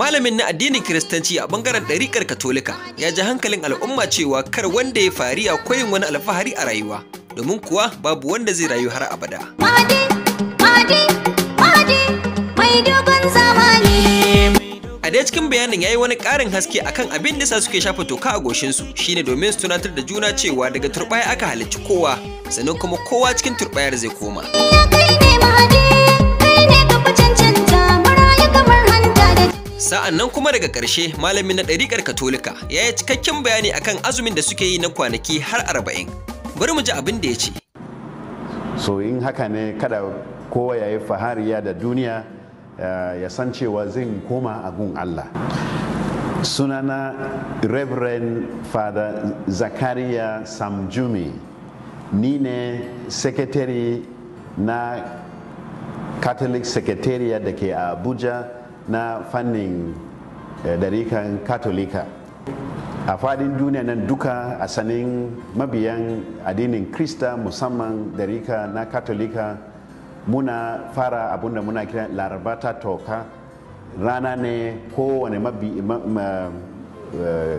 Malamin na addinin Kiristanci a bangaren ɗariƙar Katolika ya ji hankalin al'umma cewa kar wanda ya fari a koyin wani alfahari a rayuwa, domin kuwa babu wanda zai rayu har abada. A dai cikin bayanin ya yi wani ƙarin haske akan abin da sa suke shafa toka a goshinsu shine domin su tunatar da juna cewa daga turɓaya aka halarci kowa, sannan kuma kowa cikin turɓayar zai koma. nan kuma daga ƙarshe malamin na ɗariƙar katolika ya yi cikakken bayani akan azumin da suke yi na kwanaki har arba'in bari mu ji abin da ya ce so in haka ne kada kowa ya yi fahariya da duniya eh, ya san cewa zan koma a gun allah sunana reverend father zakaria samjumi ni ne secretary na catholic secretariat da ke a abuja na fannin eh, darikan katolika a fadin duniya nan duka a sanin mabiyan addinin krista musamman darika na katolika muna fara abinda muna kira laraba ta toka rana ne kowane mabi eh,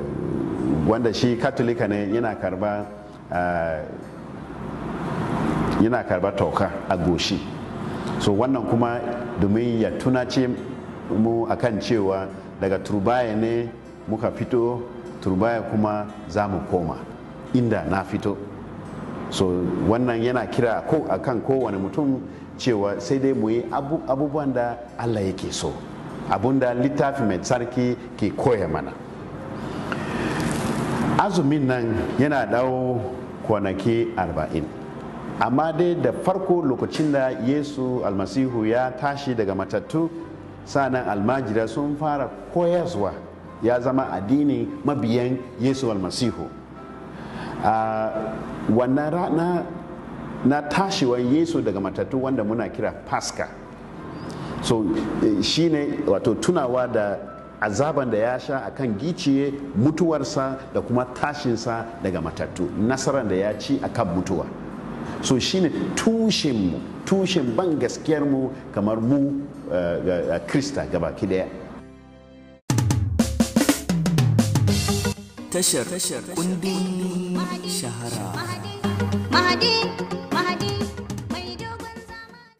wanda shi katolika ne yana karba uh, yana karba toka a goshi so wannan kuma domin ya tunace mu akan cewa daga turbaya ne muka fito turbaya kuma za mu koma inda na fito so wannan yana kira ko akan kowane mutum cewa sai dai mu yi abubuwan da allah yake so abun da littafi mai tsarki ke koya mana azumin nan yana dawo kwanaki arba'in amma dai da farko lokacin da yesu almasihu ya tashi daga matattu sanan almajira sun fara koyaswa ya zama addini mabiyan yesu almasihu a wannan rana na tashiwan yesu daga matattu wanda muna kira pasca so e, shi ne wato tunawa da azaban da ya sha akan giciye mutuwarsa da kuma tashinsa daga matattu nasarar da ya ci akan mutuwa so shine tushen mu tushen ban gaskiyar mu kamar mu eh, krista baki daya tashar kundin shahara mahadi